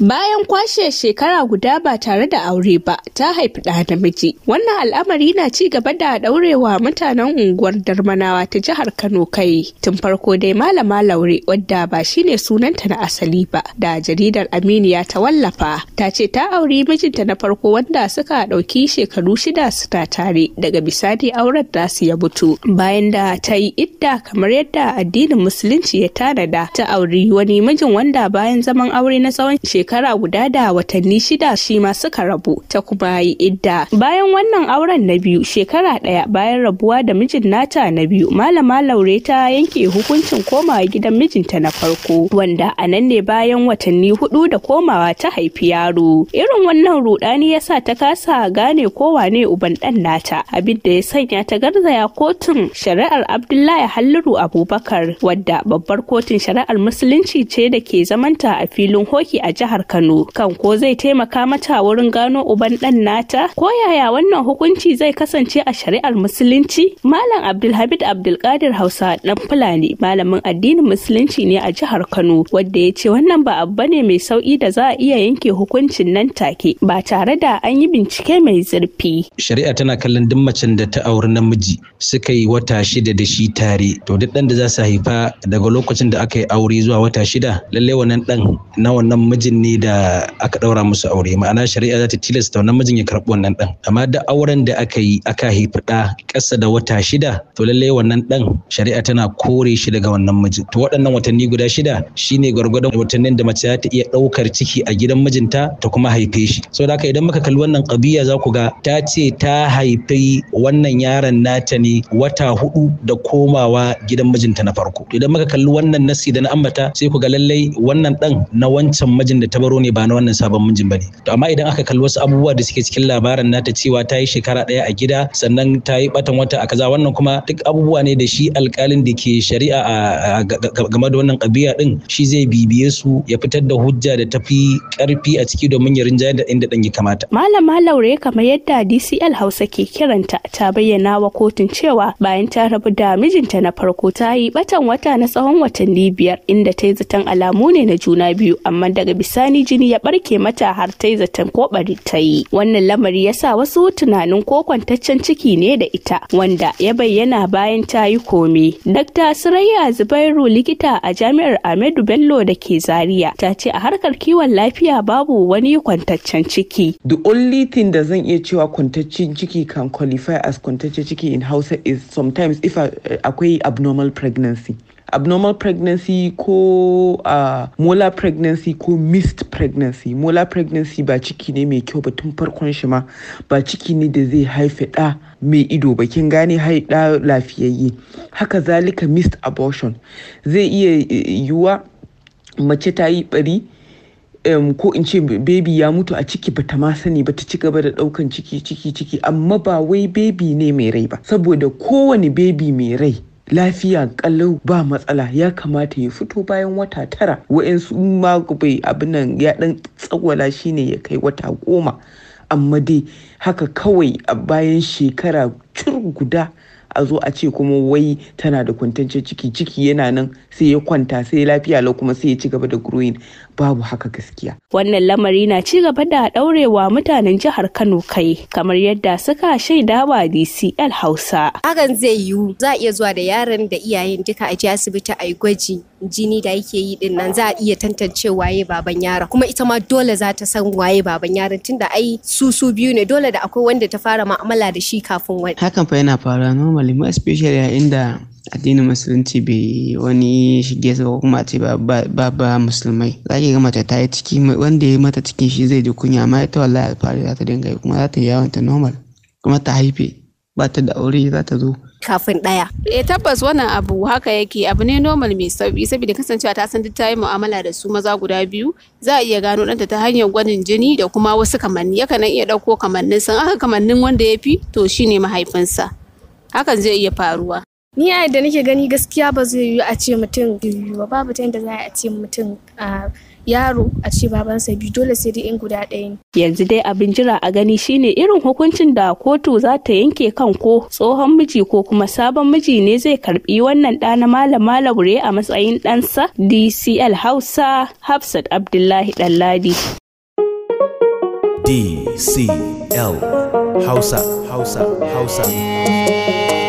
Bayan kwashe shekara guda ba tare da aure ba, ta haifi ɗa namiji. Wannan al'amari na ci gaba da ɗaurewa mutanen unguwar Darmanawa ta jihar Kano kai. Tun farko dai Malama Laure wadda ba shine sunanta na asali ba, da jaridar Aminiya ta wallafa, ta ce ta auri mijinta na farko wanda suka ɗauki shekaru shida suna tare daga bisani auren su ya mutu. Bayan da ta yi idda kamar yadda addinin Musulunci ya tanada, ta auri wani mijin wanda bayan zaman aure na tsawon shekara guda da watanni shida shi ma suka rabu ta kuma yi idda bayan wannan auren na biyu shekara ɗaya bayan rabuwa da mijin nata na biyu malama laure ta yanke hukuncin komawa gidan mijinta na farko wanda a nan ne bayan watanni hudu da komawa ta haifi yaro irin wannan rudani ya sa ta kasa gane ko wane uban ɗan nata abin da ya sanya ta garzaya kotun shari'ar abdullahi halliru abubakar wadda babbar kotun shari'ar musulunci ce da ke zamanta a filin hoki a jihar jihar Kano kan ko zai taimaka mata wurin gano uban ɗan nata ko yaya wannan hukunci zai kasance a shari'ar musulunci Malam Abdulhamid Abdulkadir Hausa dan Fulani malamin addinin musulunci ne a jihar Kano wanda ya ce wannan ba abu ne mai sauki da za a iya yanke hukuncin nan take ba tare da an yi bincike mai zurfi. Shari'a tana kallon duk macen da ta auri namiji suka yi wata shida da shi tare to duk ɗan da za su haifa daga lokacin da aka yi aure zuwa wata shida lallai wannan ɗan na wannan mijin ne da aka ɗaura musu aure ma'ana shari'a za ta tilasta wannan mijin ya karɓi wannan ɗan amma da auren da aka yi aka haifi ɗa ƙasa da wata shida to lallai wannan ɗan shari'a tana kore shi daga wannan mijin to waɗannan watanni guda shida shine gwargwadon watannin da mace za ta iya ɗaukar ciki a gidan mijinta ta kuma haife shi da haka idan muka kalli wannan ƙabiya za ku ga ta ce ta haifi wannan yaron nata ne wata hudu da komawa gidan mijinta na farko idan muka kalli wannan nasi da na ambata sai ku ga lallai wannan ɗan na wancan mijin da tabaro ne ba na wannan sabon mijin bane to amma idan aka kalli wasu abubuwa da suke cikin labarin nata cewa ta yi shekara daya a gida sannan ta yi batan wata a kaza wannan kuma duk abubuwa ne da shi alkalin da ke shari'a a game da wannan ƙabiya din shi zai bibiye su ya fitar da hujja da tafi karfi a ciki domin ya rinjayar da inda dan ya kamata. Malama Laure kamar yadda DCL Hausa ke kiranta ta bayyana wa kotun cewa bayan ta rabu da mijinta na farko ta yi batan wata na tsawon watanni biyar inda ta yi zaton alamu ne na juna biyu amma daga bisa sani jini ya barke mata har ta zaton ko bari ta yi wannan lamari ya sa wasu tunanin ko kwantaccen ciki ne da ita wanda ya bayyana bayan ta yi kome dr surayya zubairu likita a jami'ar ahmedu bello da ke zaria ta ce a harkar kiwon lafiya babu wani kwantaccen ciki the only thing da zan iya cewa kwantaccen ciki can qualify as kwantaccen ciki in hausa is sometimes if eh, akwai abnormal pregnancy abnormal pregnancy ko uh, molar pregnancy ko missed pregnancy molar pregnancy ba ciki ne mai kyau ba tun farkon shi ma ba ciki ne da zai haife ɗa mai ido bakin kin gane ɗa lafiyayye haka zalika missed abortion zai iya e, yiwuwa mace ta yi ɓari um, ko in ce baby ya mutu a ciki bata ma sani ba ta ci gaba da daukan ciki ciki ciki amma ba wai baby ne mai rai ba saboda kowane baby mai rai lafiya kalau ba matsala ya kamata ya fito bayan wata tara wa'yansu ma bai abin nan ya dan tsawala shine ya kai wata goma amma dai haka kawai a bayan shekara cur guda a zo a ce kuma wai tana da kwantancin ciki ciki yana nan sai ya kwanta sai lafiya lau kuma sai ya ci gaba da growing babu haka gaskiya. Wannan lamari na ci gaba da ɗaurewa mutanen jihar Kano kai kamar yadda suka shaida wa DCL Hausa. Hakan zai yiwu za a iya zuwa da yaron da iyayen duka a ji asibiti a yi gwaji jini da yake yi din nan za a iya tantance waye baban yaron kuma ita ma dole za ta san waye baban yaron tunda ai su su biyu ne dole da akwai wanda ta fara ma'amala da shi kafin wani. Hakan fa yana faruwa normally especially a inda addinin musulunci bai wani shige su ko kuma ce ba ba musulmai za ki ga mace ta yi ciki wanda ya mata cikin shi zai ji kunya amma ita wallahi alfahari za ta dinga yi kuma za ta yi yawon ta normal kuma ta haife ba ta da aure za ta zo kafin ɗaya. E tabbas wannan abu haka yake abu ne normal mai sauki saboda kasancewa ta san ta yi mu'amala da su maza guda biyu za a iya gano ɗanta ta hanyar gwanin jini da kuma wasu kamanni yakan iya ɗauko kamannin san aka kamannin wanda ya fi to shine mahaifinsa hakan zai iya faruwa. ni a yadda nake gani gaskiya ba zai yi a ce mutum biyu ba babu ta yadda za a ce mutum yaro a ce babansa biyu dole sai dai in guda ɗaya ne. Yanzu dai abin jira a gani shine irin hukuncin da kotu za ta yanke kan ko tsohon miji ko kuma sabon miji ne zai karbi wannan ɗa na malam malabure a matsayin ɗansa DCL Hausa Hafsat Abdullahi Ɗanladi. DCL Hausa Hausa Hausa.